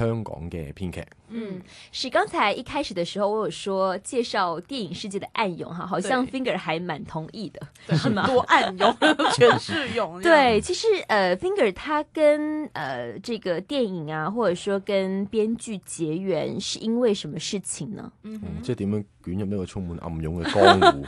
香港嘅編劇，嗯，是剛才一開始的時候我有說介紹電影世界的暗湧哈，好像 Finger 還蠻同意的，好、嗯、多暗湧，全是湧。對，其實，誒、uh,，Finger 他跟誒、uh, 這個電影啊，或者說跟編劇結緣，是因為什麼事情呢？嗯，即係點樣捲入呢個充滿暗湧嘅江湖？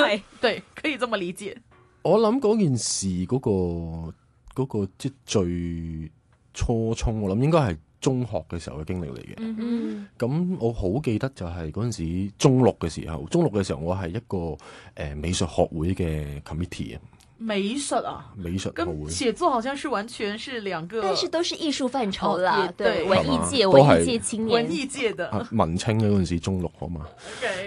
係對，可以這麼理解。我諗嗰件事嗰個嗰個即最初衷，我諗應該係。中學嘅時候嘅經歷嚟嘅，咁我好記得就係嗰陣時中六嘅時候，中六嘅時候我係一個誒、呃、美術學會嘅 committee 啊。美術啊，美術跟寫作好像是完全是兩個，但是都是藝術範疇啦，哦、對，吧文藝界、都是 文藝界青年、文藝界的、啊、文青嗰陣時中六啊嘛，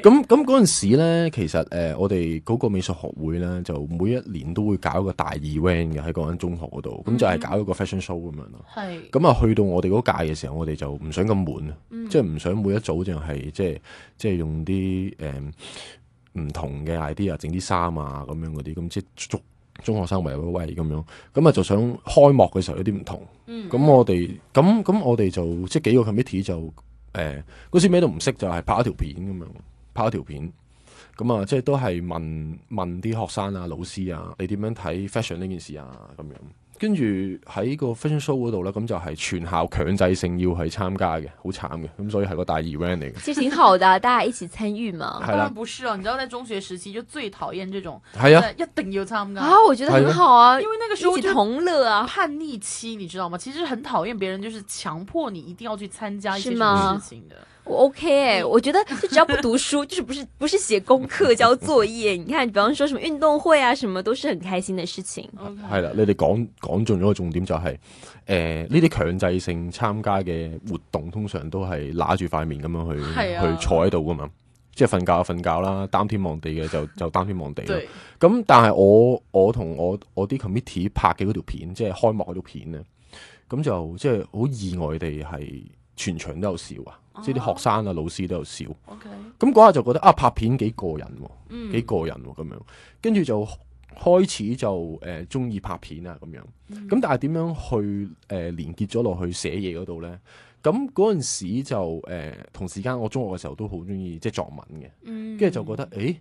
咁咁嗰陣時咧，其實誒、呃，我哋嗰個美術學會咧，就每一年都會搞一個大 event 嘅喺嗰間中學嗰度，咁、嗯、就係搞一個 fashion show 咁樣咯，係、嗯，咁啊去到我哋嗰屆嘅時候，我哋就唔想咁悶啊，嗯、即係唔想每一組就係、是、即係即係用啲誒唔同嘅 idea 整啲衫啊咁樣嗰啲，咁即係足。中學生圍威喂咁樣，咁啊就想開幕嘅時候有啲唔同。咁、嗯、我哋咁咁我哋就即係幾個 committee 就誒嗰時咩都唔識，就係、是、拍一條片咁樣，拍一條片。咁啊，即係都係問問啲學生啊、老師啊，你點樣睇 fashion 呢件事啊咁樣。跟住喺個 Fashion Show 嗰度咧，咁就係全校強制性要去參加嘅，好慘嘅。咁所以係個大 event 嚟嘅。其實，是挺好的，啊，大家一起參與嘛。當然 不是哦、啊，你知道在中學時期就最討厭這種，係啊，一定要頂就參加啊。我覺得很好啊，因為那個時候就嗎同樂啊，叛逆期，你知道嗎？其實很討厭別人就是強迫你一定要去參加一些什麼事情的。嗎我 OK，我覺得就只要不讀書，就是不是不是寫功課、交作業。你看，比方說什麼運動會啊，什麼都是很開心的事情。係啦 Okay, 你哋講講中咗個重點就係，誒呢啲強制性參加嘅活動，通常都係揦住塊面咁樣去 Yeah. 去坐喺度㗎嘛，即係瞓覺瞓覺 就就啦，擔天望地嘅就就擔天望地。咁 但係我我同我我啲 committee 拍嘅嗰條片，即係開幕嗰條片咧，咁就即係好意外地係全場都有笑啊！即係啲學生啊，老師都有少，咁嗰下就覺得啊，拍片幾過癮，幾過癮咁樣，跟住就開始就誒中意拍片啊咁樣，咁但係點樣去誒連結咗落去寫嘢嗰度咧？咁嗰陣時就誒同時間我中學嘅時候都好中意即係作文嘅，跟住就覺得誒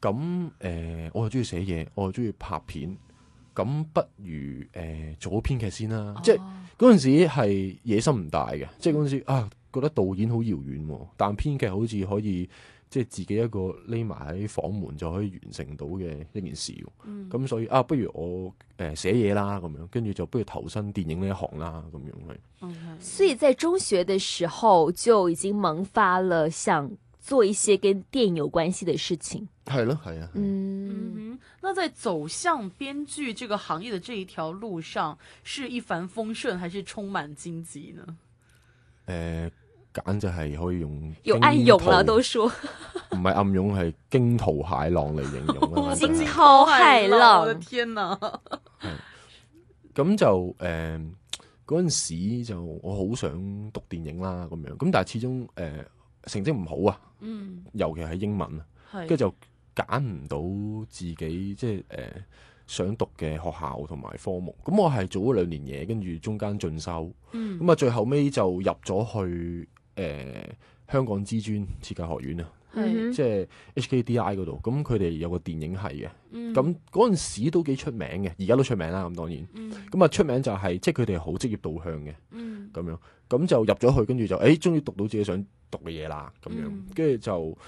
咁誒我又中意寫嘢，我又中意拍片，咁不如誒做編劇先啦。即係嗰陣時係野心唔大嘅，即係嗰陣時啊。覺得導演好遙遠，但編劇好似可以即係自己一個匿埋喺房門就可以完成到嘅一件事，哦。咁，嗯嗯，所以啊，不如我誒寫嘢啦咁樣，跟住就不如投身電影呢一行啦咁樣去。Okay. 所以在中學嘅時候就已經萌發了想做一些跟電影有關係嘅事情，係咯，係啊。嗯，嗯那在走向編劇這個行業的這一條路上，是一帆風順還是充滿荊棘呢？誒，揀就係可以用用， 用，暗湧啦，都說唔係暗湧，係驚濤駭浪嚟形容啊！驚濤駭浪，我嘅天啊！咁就誒，嗰、呃、陣時就我好想讀電影啦，咁樣咁，但係始終誒、呃、成績唔好啊，嗯、尤其係英文，係跟住就揀唔到自己，即係誒。呃想讀嘅學校同埋科目，咁我係做咗兩年嘢，跟住中間進修，咁啊、嗯，後最後尾就入咗去誒、呃、香港知專設計學院啊，即係 HKDI 嗰度。咁佢哋有個電影系嘅，咁嗰陣時都幾出名嘅，而家都出名啦。咁當然，咁啊、嗯、出名就係即係佢哋好職業導向嘅咁、嗯、樣，咁就入咗去，跟住就誒，終、哎、於讀到自己想讀嘅嘢啦。咁樣跟住、嗯、就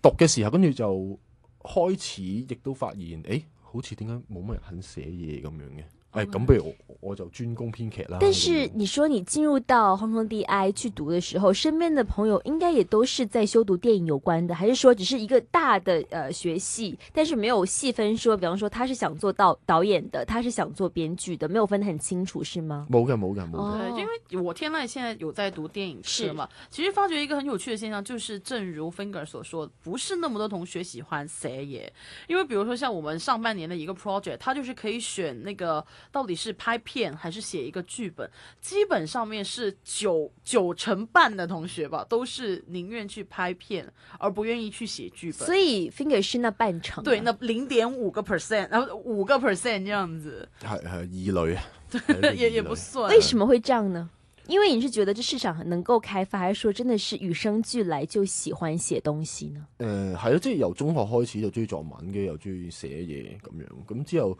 讀嘅時候，跟住就開始亦都發現誒。哎好似點解冇乜人肯寫嘢咁樣嘅？哎，咁不、oh、my 如我我就專攻編劇啦。但是你說你進入到 Hong Kong DI 去讀的時候，嗯、身邊的朋友應該也都是在修讀電影有關的，還是說只是一個大的呃學係，但是沒有細分說，說比方說他是想做到導演的，他是想做編劇的，沒有分得很清楚，是嗎？冇嘅，冇嘅，冇嘅。Oh. 因為我天籟現在有在讀電影係嘛，是其實發覺一個很有趣的現象，就是正如 Finger 所說，不是那麼多同學喜歡寫嘢，因為比如說像我們上半年的一個 project，他就是可以選那個。到底是拍片還是寫一個劇本？基本上面是九九成半的同學吧，都是寧願去拍片，而不願意去寫劇本。所以 Finger 是那半成，對，那零點五個 percent，然後五個 percent 這樣子，係係異類啊，也也不算。為什麼會這樣呢？因為你是覺得這市場能夠開發，還是說真的是與生俱來就喜歡寫東西呢？呃，係咯，即、就、係、是、由中學開始就中意作文嘅，又中意寫嘢咁樣，咁之後。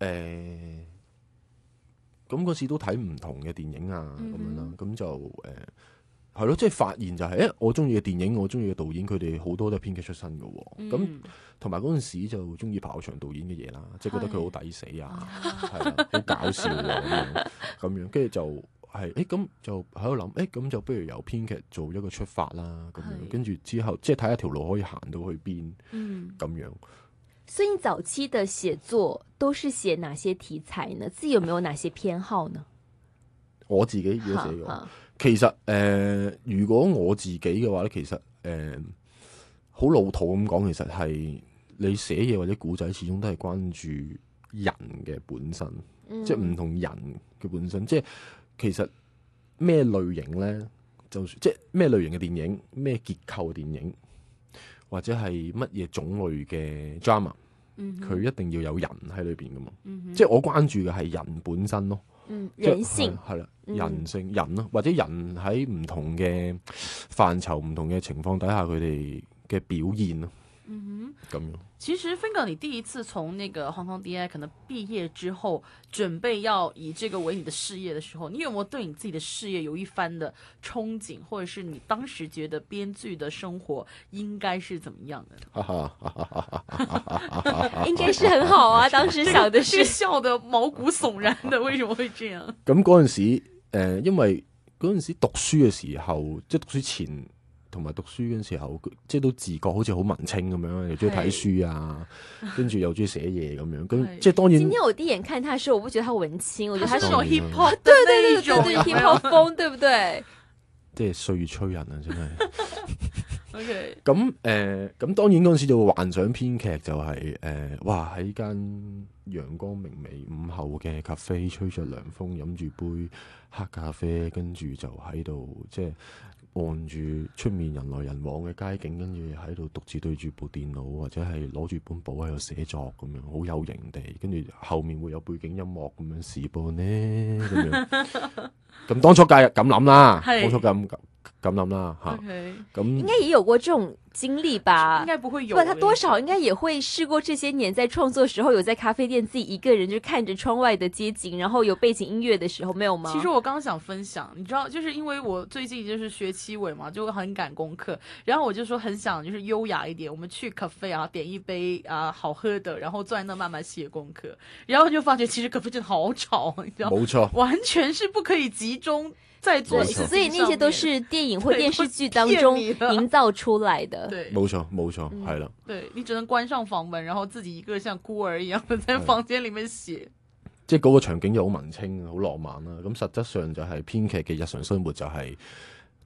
誒，咁嗰、欸、時都睇唔同嘅電影啊，咁、嗯、樣啦，咁就誒，係、欸、咯，即係發現就係、是，誒、欸，我中意嘅電影，我中意嘅導演，佢哋好多都係編劇出身嘅、啊，咁同埋嗰陣時就中意彭浩翔導演嘅嘢啦，嗯、即係覺得佢好抵死啊，係的啊，好搞笑咁樣，咁跟住就係、是，誒、欸，咁就喺度諗，誒、欸，咁就不如由編劇做一個出發啦，咁樣，跟住的之後，即係睇一條路可以行到去邊，樣嗯，咁樣。所以早期嘅寫作都是寫哪些題材呢？自己有沒有哪些偏好呢？我自己要寫嘅， 其實誒、呃，如果我自己嘅話咧，其實誒，好、呃、老土咁講，其實係你寫嘢或者古仔，始終都係關注人嘅本，、嗯、本身，即係唔同人嘅本身，即係其實咩類型咧，就算即係咩類型嘅電影，咩結構嘅電影。或者係乜嘢種類嘅 drama，佢一定要有人喺裏邊噶嘛，嗯、哼即係我關注嘅係人本身咯，嗯、即人性係啦，嗯、哼人性人咯，或者人喺唔同嘅範疇、唔同嘅情況底下，佢哋嘅表現咯。嗯哼，其實芬哥，你第一次從那個 Hong Kong DI 可能畢業之後，準備要以這個為你的事業的時候，你有沒有對你自己的事業有一番的憧憬，或者是你當時覺得編劇的生活應該是怎麼樣的？哈哈 應該是很好啊，當時想的是笑得毛骨悚然的，為什麼會這樣？咁嗰陣時，誒、呃，因為嗰陣時讀書嘅時候，即、就、係、是、讀書前。同埋讀書嗰時候，即係都自覺好似好文青咁樣，又中意睇書啊，跟住 又中意寫嘢咁樣。咁即係當然。 今天我第一眼看佢時，我不覺得佢文青，我覺得佢係種 hip hop 對對對，對 hip hop 風，對不對？即係歲月催人啊，真係。咁 誒 Okay.，咁、呃、當然嗰陣時就幻想編劇就係、是、誒、呃，哇！喺間陽光明媚午後嘅咖啡，吹着涼風，飲住杯黑咖啡，跟住就喺度即係。按住出面人來人往嘅街景，跟住喺度獨自對住部電腦，或者係攞住本簿喺度寫作咁樣，好有型地。跟住後，後面會有背景音樂咁樣試播呢咁樣。咁 當初梗係咁諗啦，是當初梗係咁。咁諗啦，吓 ，咁、 okay. 應該也有過這種經歷吧？應該不會有。不，他多少應該也會試過這些年在創作時候，有在咖啡店自己一個人就看着窗外的街景，然後有背景音樂的時候，沒有嗎？其實我剛想分享，你知道，就是因為我最近就是學期尾嘛，就很趕功課，然後我就說很想就是優雅一點，我們去咖啡啊，點一杯啊好喝的，然後坐在那慢慢寫功課，然後就發覺其實咖啡真的好吵，你知道？冇錯，完全是不可以集中在左手，所以那些都是電影。影或電視劇當中營造出來的對，對，冇錯冇錯，係啦。嗯、了對，你只能關上房門，然後自己一個像孤兒一樣在房間裏面寫。即係嗰個場景又好文青，好浪漫啦，啊。咁實質上就係編劇嘅日常生活就係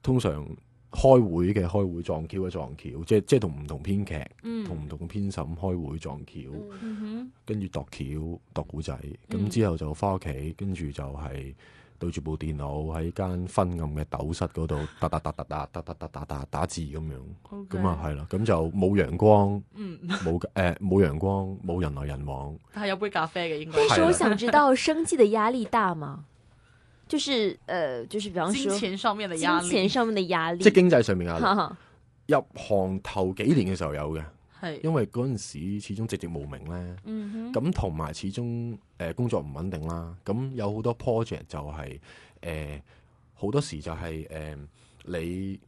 通常開會嘅開會撞橋啊撞橋，即係即係同唔同編劇，同唔同編審開會撞橋，嗯、跟住度橋度古仔，咁、嗯嗯、之後就翻屋企，跟住就係，是。對住部電腦喺間昏暗嘅斗室嗰度，噠噠噠噠噠噠噠噠噠打字咁樣，咁啊，係啦，咁就冇陽光，冇誒冇陽光，冇人來人往，但係有杯咖啡嘅應該。但是我想知道生計嘅壓力大嗎？就是誒，就是比方說錢上面嘅壓力，錢上面嘅壓力，即係經濟上面壓力。入行頭幾年嘅時候有嘅。因為嗰陣時始終寂寂無名咧，咁同埋始終誒工作唔穩定啦，咁有好多 project 就係誒好多時就係、是、誒、呃、你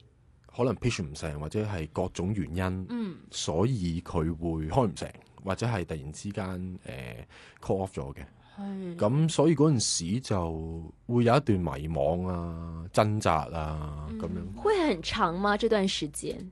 可能 pitch 唔成或者係各種原因，嗯、所以佢會開唔成或者係突然之間誒、呃、call off 咗嘅，咁、嗯、所以嗰陣時就會有一段迷惘啊、掙扎啊咁、嗯、樣。會很長嗎？這段時間？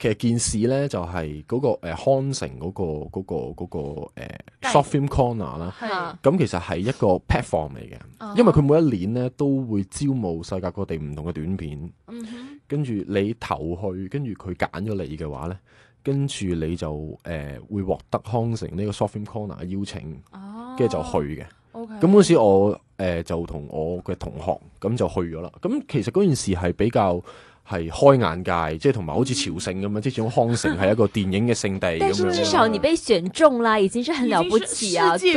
其實件事咧就係、是、嗰、那個、呃、康城嗰、那個嗰、那個、那個那個呃、Short Film Corner 啦的，咁其實係一個 platform 嚟嘅，uh huh. 因為佢每一年咧都會招募世界各地唔同嘅短片，跟住、uh huh. 你投去，跟住佢揀咗你嘅話咧，跟住你就誒、呃、會獲得康城呢個 Short Film Corner 嘅邀請，跟住、uh huh. 就去嘅。咁嗰 Okay. 時我誒、呃、就同我嘅同學咁就去咗啦。咁其實嗰件事係比較。係開眼界，即係同埋好似朝聖咁樣，嗯、即係種康城係一個電影嘅聖地咁樣。但係至少你被選中啦，嗯、已經是很了不起啊！對，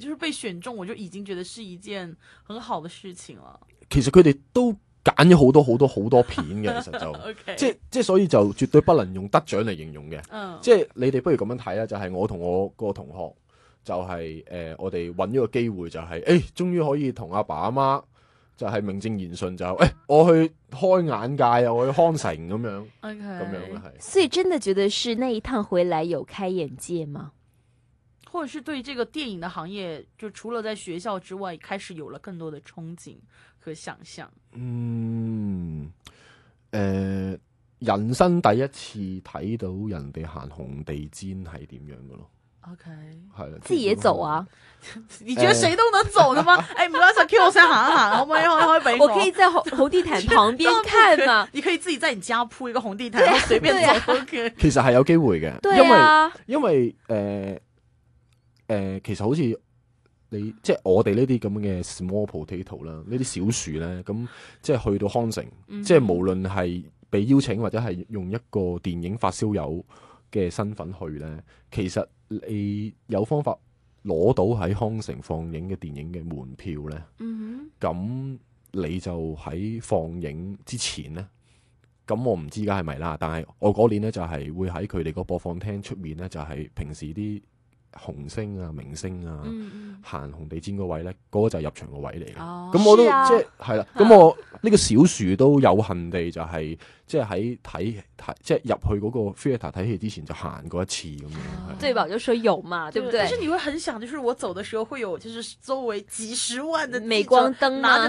就是被選中，我就已經覺得是一件很好嘅事情啦。其實佢哋都揀咗好多好多好多片嘅，其實就 Okay. 即係即係，所以就絕對不能用得獎嚟形容嘅。 嗯、即係你哋不如咁樣睇啦，就係、是、我同我個同學就係、是、誒、呃，我哋揾咗個機會、就是，就係誒，終於可以同阿爸阿媽。就係名正言順就誒、欸，我去開眼界啊，我去康城咁樣，咁 Okay. 樣嘅係。所以真的覺得是那一趟回來有開眼界嗎？或者是對這個電影的行業，就除了在學校之外，開始有了更多的憧憬和想象。嗯，誒、呃，人生第一次睇到人哋行紅地氈係點樣嘅咯。O K，係自己也走啊？ 你覺得誰都能走嘅嗎？誒、欸，唔該、 欸，想 Q 先下下，好唔好？我可以在紅 紅地毯旁邊看啊！你可以自己在你家鋪一個紅地毯，我隨便走。其實係有機會嘅，因為因為誒誒，其實好似你即係我哋呢啲咁嘅 small potato 啦，呢啲小樹咧，咁即係去到康城，嗯、即係無論係被邀請或者係用一個電影發燒友嘅身份去咧，其實。你有方法攞到喺康城放映嘅電影嘅門票呢？咁、mm hmm. 你就喺放映之前呢？咁我唔知而家係咪啦，但係我嗰年呢，就係會喺佢哋個播放廳出面呢，就係平時啲。紅星啊，明星啊，行、嗯、紅地氈嗰位咧，嗰、那個就係入場個位嚟嘅。咁、哦、我都、啊、即係係啦。咁、啊嗯、我呢個小樹都有幸地就係、是就是、即係喺睇即係入去嗰個 theater 睇戲之前就行過一次咁樣。哦啊、對吧？就水有嘛，對唔吧對？其實你會很想，就是我走嘅時候會有，就是周圍幾十萬嘅鎂光燈，啊。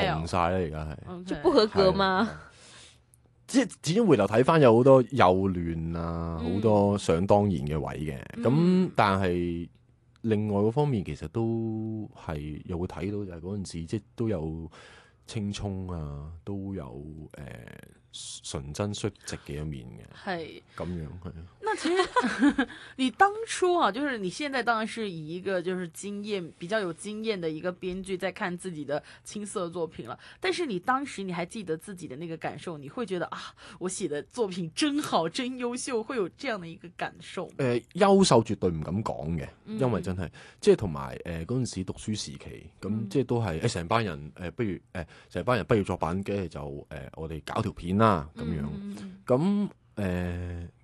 紅晒咧，而家係，即不合格嘛。即係始終回頭睇翻，有好多幼嫩啊，好、嗯、多想當然嘅位嘅。咁、嗯、但係另外嗰方面，其實都係又會睇到就，就係嗰陣時即係都有青葱啊，都有誒。呃純真率直嘅一面嘅，係咁是樣係啊。那其實 你當初啊，就是你現在當然是以一個就是經驗比較有經驗的一個編劇，在看自己的青澀作品了。但是你當時，你還記得自己的那個感受？你會覺得啊，我寫的作品真好，真優秀，會有這樣的一個感受。誒、呃，優秀絕對唔敢講嘅，因為真係、嗯、即係同埋誒嗰陣時讀書時期，咁即係都係誒成班人誒、呃，不如誒成、呃、班人不如作品、呃、就誒、呃、我哋搞條片。嗱咁、啊、樣，咁誒，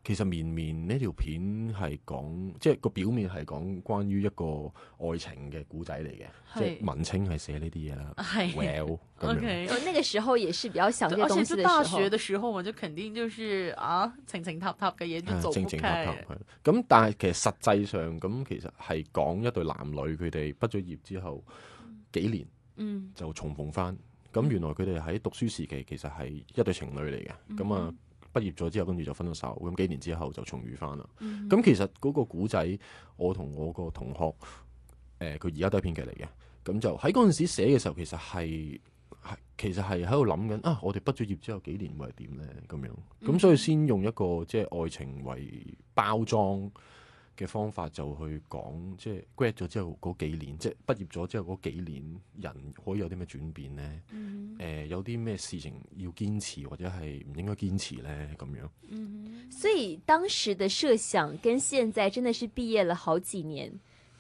其實《綿綿》呢條片係講，即係個表面係講關於一個愛情嘅古仔嚟嘅，是即係文青係寫呢啲嘢啦。Well 咁樣。Okay, 我呢個時候也是比較想，而且做大學嘅時候，我就肯定就是啊，情情塔塔嘅嘢做。情情塔塔係，咁、嗯嗯、但係其實實際上咁，其實係講一對男女佢哋畢咗業之後幾年，嗯，就重逢翻。嗯咁原來佢哋喺讀書時期其實係一對情侶嚟嘅，咁啊畢業咗之後跟住就分咗手，咁幾年之後就重遇翻啦。咁、嗯、其實嗰個故仔，我同我個同學，誒佢而家都係編劇嚟嘅，咁就喺嗰陣時寫嘅時候,時候其，其實係係其實係喺度諗緊啊，我哋畢咗業之後幾年會係點咧？咁樣咁、嗯、所以先用一個即係愛情為包裝。嘅方法就去講，即係 grad 咗之後嗰幾年，即係畢業咗之後嗰幾年，人可以有啲咩轉變咧？誒、mm hmm. 呃，有啲咩事情要堅持或者係唔應該堅持咧？咁樣。Mm hmm. 所以當時的設想跟現在真的是畢業了好幾年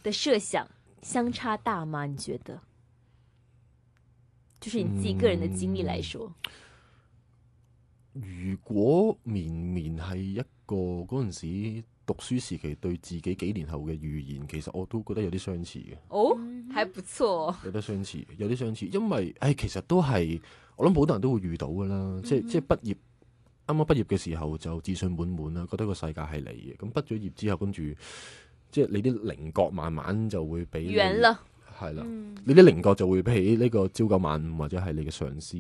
的設想相差大嗎？你覺得？就是你自己個人的經歷來說，嗯、如果綿綿係一個嗰陣時。讀書時期對自己幾年後嘅預言，其實我都覺得有啲相似嘅。哦，還不錯，有啲相似，有啲相似，因為，誒、哎，其實都係，我諗好多人都會遇到噶啦，嗯、哼即係即係畢業，啱啱畢業嘅時候就自信滿滿啦，覺得個世界係你嘅，咁畢咗業之後，跟住，即係你啲稜角慢慢就會俾係啦，嗯、你啲稜角就會俾起呢個朝九晚五或者係你嘅上司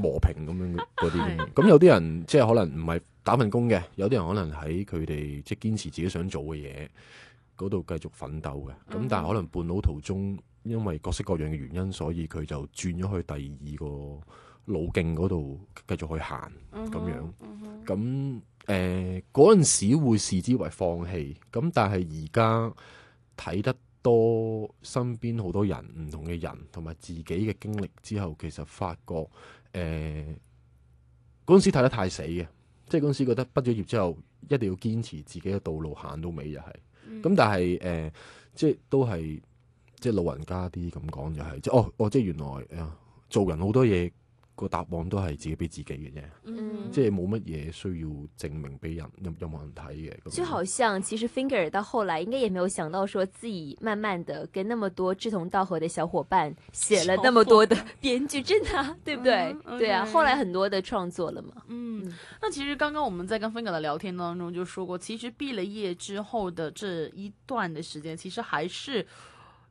磨平咁樣嗰啲咁。有啲人即係可能唔係打份工嘅，有啲人可能喺佢哋即係堅持自己想做嘅嘢嗰度繼續奮鬥嘅。咁但係可能半路途中，因為各式各樣嘅原因，所以佢就轉咗去第二個路徑嗰度繼續去行咁、嗯、哼樣。咁誒嗰陣時會視之為放棄，咁但係而家睇得多身邊好多人唔同嘅人，同埋自己嘅經歷之後，其實發覺誒，嗰、呃、陣時睇得太死嘅，即係嗰陣時覺得畢咗業之後一定要堅持自己嘅道路行到尾就係、是，咁、嗯、但係誒、呃，即係都係即係老人家啲咁講就係、是，即哦哦，即係原來啊，做人好多嘢。個答案都係自己俾自己嘅啫，嗯、即係冇乜嘢需要證明俾人，又又冇人睇嘅。咁就好像其實 Finger 到後來應該也沒有想到，說自己慢慢的跟那麼多志同道合的小伙伴寫了那麼多的編劇真啊，分對唔對？ 嗯、對啊，Okay. 後來很多的創作了嘛。嗯，嗯，那其實剛剛我們在跟 Finger 的聊天當中就說過，其實畢了業之後的這一段的時間，其實還是。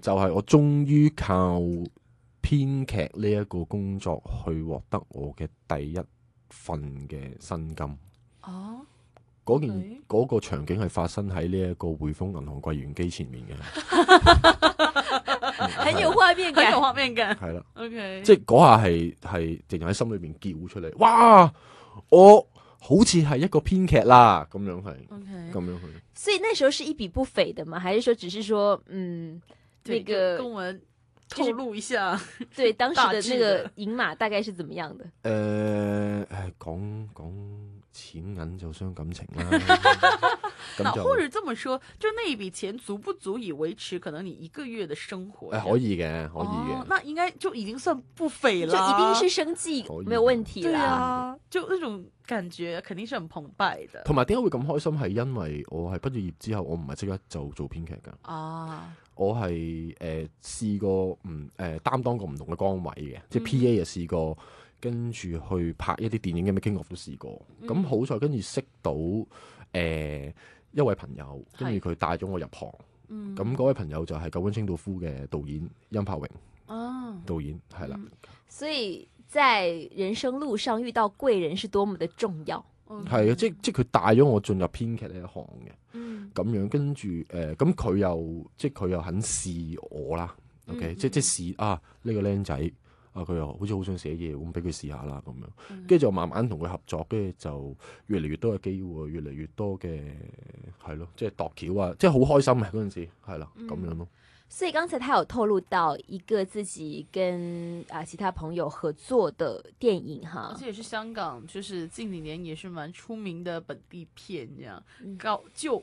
就係我終於靠編劇呢一個工作去獲得我嘅第一份嘅薪金。哦，嗰件嗰個場景係發生喺呢一個匯豐銀行櫃員機前面嘅，喺要畫片嘅，喺動畫片嘅，係啦。O K，即係嗰下係係成日喺心裏邊叫出嚟，哇！我。好似係一個編劇啦，咁樣係，咁 Okay. 樣去。所以那時候是一筆不菲的嘛，還是說只是說，嗯，那個，跟文、就是、透露一下，就是、對當時的那個銀碼大概是怎麼樣的？誒、 呃，講講。講講錢銀就傷感情啦。咁或者這麼說，就那一筆錢足不足以維持可能你一個月嘅生活？誒，可以嘅，可以嘅。哦，那應該就已經算不菲啦，就一定是生計沒有問題啦。對啊，就那種感覺肯定是很澎湃的。同埋，點解會咁開心？係因為我係畢業之後，我唔係即刻就做編劇噶。哦，我係誒試過唔誒擔當過唔同嘅崗位嘅，即係 P A 又試過。跟住去拍一啲電影嘅 making of 都試過。咁好在跟住識到誒一位朋友，跟住佢帶咗我入行。咁嗰位朋友就係《九品清道夫》嘅導演殷柏榮。哦，導演係啦。所以在人生路上遇到貴人是多麼的重要。係啊，即係即佢帶咗我進入編劇呢一行嘅。嗯，咁樣跟住誒，咁佢又即係佢又肯試我啦。OK，即係即試啊呢個僆仔。啊！佢又好似好想寫嘢，咁俾佢試下啦咁樣，跟住就慢慢同佢合作，跟住就越嚟越多嘅機會，越嚟越多嘅係咯，即係奪巧啊！即係好開心啊！嗰陣時係啦，咁、嗯、樣咯。所以剛才他有透露到一個自己跟啊其他朋友合作的電影哈，而且也是香港，就是近幾年也是蠻出名的本地片，這樣，嗯、搞就。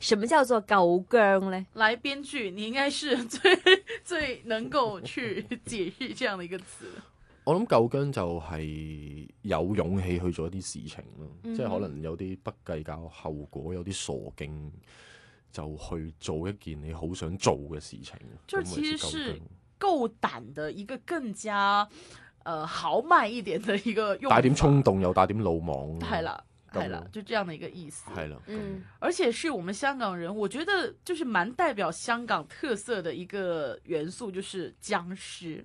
什麼叫做夠薑呢？來編劇，你應該是最最能夠去解釋這樣的一個詞。 我諗夠薑就係有勇氣去做一啲事情咯，嗯、即係可能有啲不計較後果，有啲傻勁就去做一件你好想做嘅事情。就其實是夠膽的一個更加，誒、呃、豪邁一點的一個用法，帶點衝動又帶點魯莽。係啦。就這樣的一個意思。而且是我們香港人，我覺得就是蠻代表香港特色的一個元素，就是僵屍。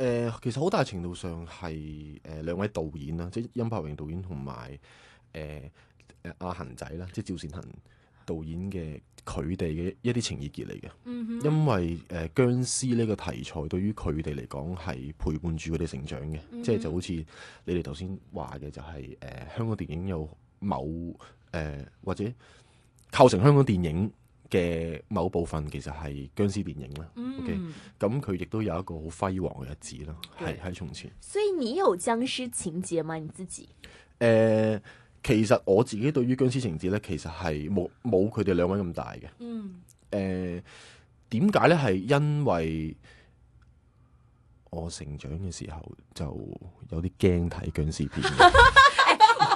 誒、呃、其實好大程度上係誒、呃、兩位導演啦，即係甄柏榮導演同埋誒誒阿恆仔啦，即係趙善恆導演嘅佢哋嘅一啲情意結嚟嘅。嗯、哼因為誒殭屍呢個題材對於佢哋嚟講係陪伴住佢哋成長嘅，嗯、哼即係就好似你哋頭先話嘅，就係誒香港電影有某誒、呃、或者構成香港電影。嘅某部分其實係殭屍電影啦。嗯、OK，咁佢亦都有一個好輝煌嘅日子啦，係喺從前。所以你有殭屍情節嗎？你自己？誒、呃，其實我自己對於殭屍情節咧，其實係冇冇佢哋兩位咁大嘅嗯。誒、呃，點解咧？係因為我成長嘅時候就有啲驚睇殭屍片。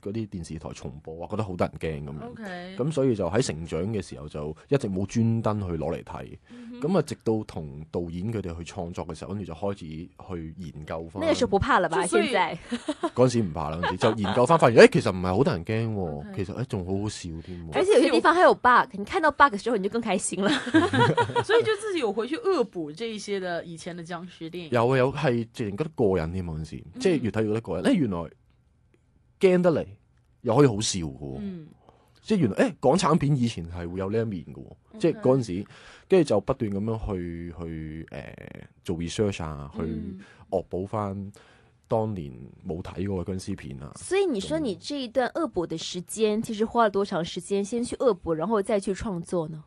嗰啲電視台重播，我覺得好得人驚咁樣。咁 Okay. 所以就喺成長嘅時候就一直冇專登去攞嚟睇。咁啊、嗯哼，直到同導演佢哋去創作嘅時候，跟住就開始去研究翻。嗰陣在時唔怕啦，時就研究翻，發現誒其實唔係好得人驚喎。其實仲好 Okay.、欸、好笑添。而且有啲地方還有 bug，你看到 bug 嘅時候你就更開心了。 所以就自己有回去惡補這一些嘅以前嘅殭屍電影。有有，係直情覺得過癮添喎。嗰陣時即係越睇越覺得過癮。 原來。原來驚得嚟，又可以好笑嘅，嗯、即係原來誒、欸，港產片以前係會有呢一面嘅。Okay. 即係嗰陣時，跟住就不斷咁樣去去誒、呃、做 research 啊，去惡補翻當年冇睇過嘅殭屍片啊。嗯、樣所以你說你這一段惡補的時間，其實花了多長時間？先去惡補，然後再去創作呢？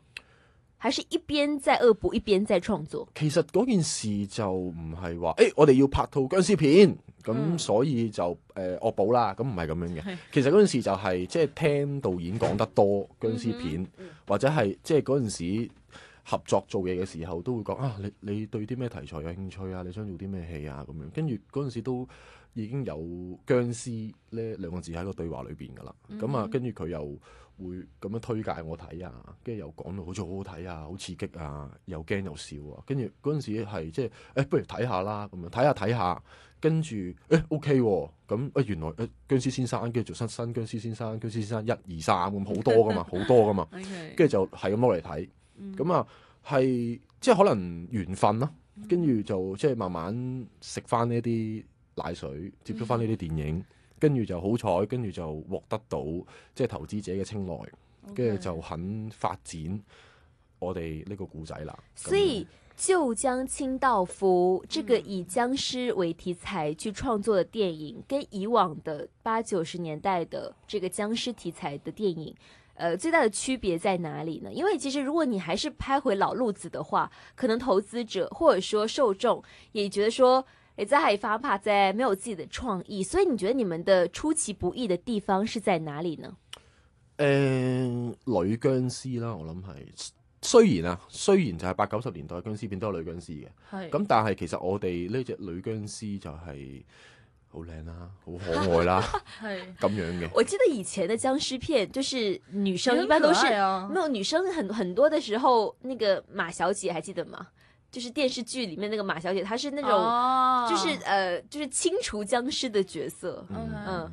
還是一邊在惡補一邊在創作其、欸呃。其實嗰件事就唔係話，誒，我哋要拍套僵屍片，咁所以就誒惡補啦。咁唔係咁樣嘅。其實嗰件事就係即係聽導演講得多僵屍片，嗯嗯、或者係即係嗰陣時，合作做嘢嘅時候都會講啊，你你對啲咩題材有興趣啊？你想做啲咩戲啊？咁樣跟住嗰陣時都已經有殭屍呢兩個字喺個對話裏邊噶啦。咁、mm hmm. 啊，跟住佢又會咁樣推介我睇啊，跟住又講到好似好好睇啊，好刺激啊，又驚又笑啊。跟住嗰陣時係即係，誒、欸、不如睇下啦咁樣，睇下睇下，跟住誒 OK 喎、啊，咁啊、欸、原來誒殭、欸、屍先生跟住做新新殭屍先生，殭屍先生一二三咁好多噶嘛，好多噶嘛，跟住 Okay. 就係咁攞嚟睇。咁、嗯、啊，係即係可能緣分咯、啊，跟住、嗯、就即係慢慢食翻呢啲奶水，接觸翻呢啲電影，跟住、嗯、就好彩，跟住就獲得到即係投資者嘅青睞，跟住、嗯、就肯發展我哋呢個古仔啦。所以《就將、嗯、清道夫》這個以僵屍為題材去創作嘅電影，跟以往的八九十年代的這個僵屍題材的電影。最大的區別在哪裏呢？因為其實如果你還是拍回老路子的話，可能投資者或者說受眾也覺得說誒，真係翻拍啫，沒有自己的創意。所以你覺得你們的出其不意的地方是在哪裏呢？誒、呃，女僵屍啦，我諗係雖然啊，雖然就係八九十年代僵屍片都有女僵屍嘅，係咁的，但係其實我哋呢隻女僵屍就係、是。好靚啦、啊，好可愛啦、啊，係咁 是樣嘅。我記得以前的僵屍片，就是女生一般、啊、都是，沒有女生很很多的時候，那個馬小姐還記得嗎？就是電視劇裏面那個馬小姐，她是那種，oh. 就是，呃，就是清除僵屍的角色，oh. 嗯, Okay. 嗯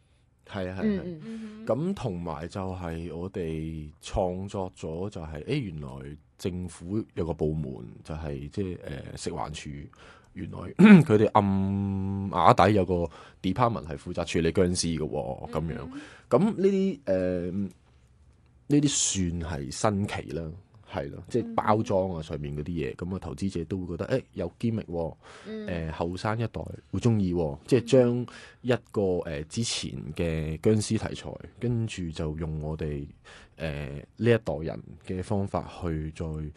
係啊係，咁同埋就係我哋創作咗就係、是，誒、欸、原來政府有個部門就係即係誒食環署，原來佢哋暗啞底有個 department 係負責處理僵屍嘅，咁樣，咁呢啲誒呢啲算係新奇啦。係咯，即係包裝啊上面嗰啲嘢，咁啊投資者都會覺得，誒、欸、有 gimmick，誒後生一代會中意，即係將一個誒、呃、之前嘅僵屍題材，跟住就用我哋誒呢一代人嘅方法去再誒、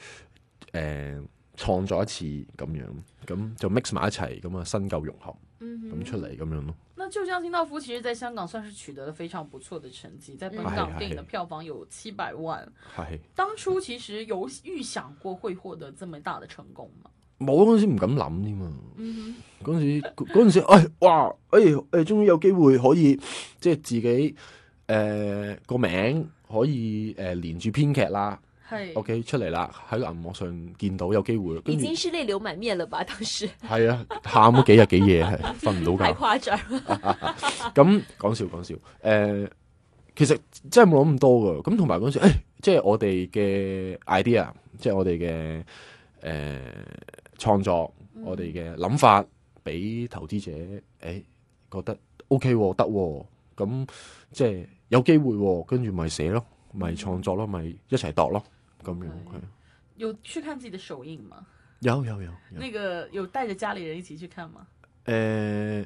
呃、創作一次咁樣，咁就 mix 埋一齊，咁啊新舊融合。咁出嚟咁樣咯，那就像《新道夫》其實在香港算是取得了非常不錯的成績，在本港電影的票房有七百萬。係、嗯，當初其實有預想過會獲得這麼大的成功嗎？冇、嗯，嗰陣時唔敢諗添嘛。嗰陣時，嗰陣時，哎，哇，哎，哎，終於有機會可以即係自己誒、呃、個名可以誒、呃、連住編劇啦。O、okay, K，出嚟啦！喺銀幕上見到有機會，已經是淚流滿面了吧？當時係啊，喊 咗、哎、幾日幾夜，係瞓唔到覺，太誇 張 張。咁講笑講， 笑，誒、呃，其實真係冇諗咁多噶。咁同埋嗰陣時，誒，即、哎、係、就是、我哋嘅 idea，即係我哋嘅誒創作，嗯、我哋嘅諗法，俾投資者誒、哎、覺得 O K 得，咁即係有機會、啊，跟住咪寫咯。咪創作咯，咪一齊度咯，咁樣係。Okay. 是有去看自己嘅首映嗎？有有有，有。呢個有帶着家裏人一起去看嗎？誒、呃，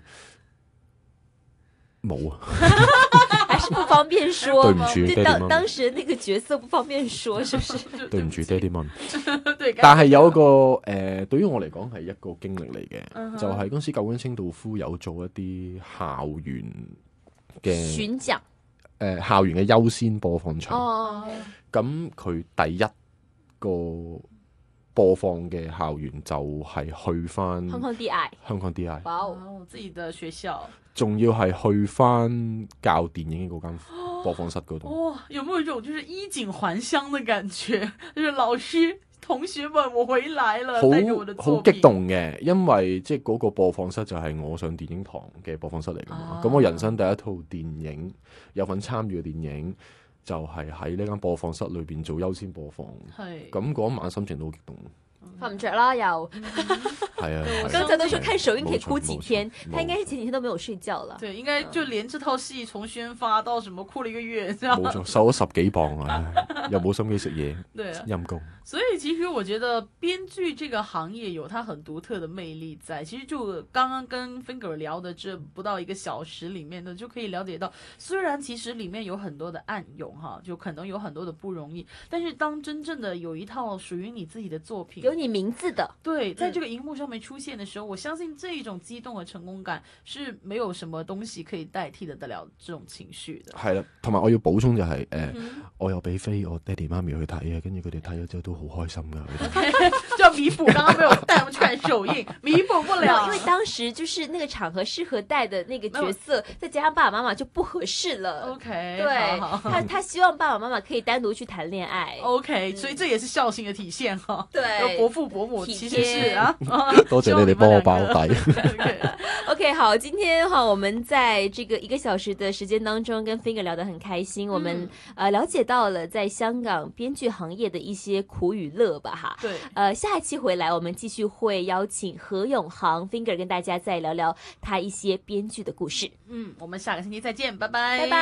冇啊， 還是不方便說。 對唔住，當時那個角色不方便說，是不是？對唔住，爹地問。 地問 對但係有一個誒、呃，對於我嚟講係一個經歷嚟嘅，uh huh. 就係公司教官清道夫有做一啲校園嘅選擇。誒校園嘅優先播放場，咁佢、哦、第一個播放嘅校園就係去返香港 D.I. 香港 D.I. 哇！我，我自己的學校，仲要係去返教電影嗰間播放室嗰度。哇！有冇一種就是衣錦還鄉嘅感覺？就係老師。同學們，我回來了，帶着我的作品。好很，激動嘅，因為即係嗰個播放室就係我上電影堂嘅播放室嚟嘅嘛。咁、啊、我人生第一套電影有份參與嘅電影，就係喺呢間播放室裏邊做優先播放。係是，咁嗰晚心情都好激動。瞓唔着啦、嗯，又、啊。哈哈哈，剛才都說看首映可以哭幾天，他應該是前幾天都沒有睡覺了。對，應該就連這套戲從宣發到什麼哭了一個月，嗯、這樣沒錯，瘦了十幾磅啊， 又冇心機食嘢，對、啊，陰功。所以其實我覺得編劇這個行業有它很獨特的魅力在。其實就剛剛跟 finger 聊的這不到一個小時裏面的，就可以了解到，雖然其實裏面有很多的暗湧哈，就可能有很多的不容易，但是當真正的有一套屬於你自己的作品，你名字的對，在這個熒幕上面出現的時候，嗯、我相信這一種激動和成功感是沒有什麼東西可以代替的得了這種情緒的。係了。同埋我要補充就係、呃嗯嗯、我有俾飛我爹地媽咪去睇啊，跟住佢哋睇咗之後都好開心噶。 就彌補唔到，剛剛沒有帶我去看首映，彌補不了。 no, 因為當時就是那個場合適合帶的那個角色，再加上爸爸媽媽就不合適了。OK，對，他他希望爸爸媽媽可以單獨去談戀愛。OK，、嗯、所以這也是孝心的體現哈。 對。伯父伯母，其實是啊， 多謝你哋幫我包底。 OK，好，今天哈，我們在這個一個小時的時間當中，跟 Finger 聊得很開心，我們、嗯、呃了解到了在香港編劇行業的一些苦與樂吧，哈，對，呃，下一期回來，我們繼續會邀請何永航 Finger 跟大家再聊聊他一些編劇的故事。嗯，我們下個星期再見，拜拜，拜拜。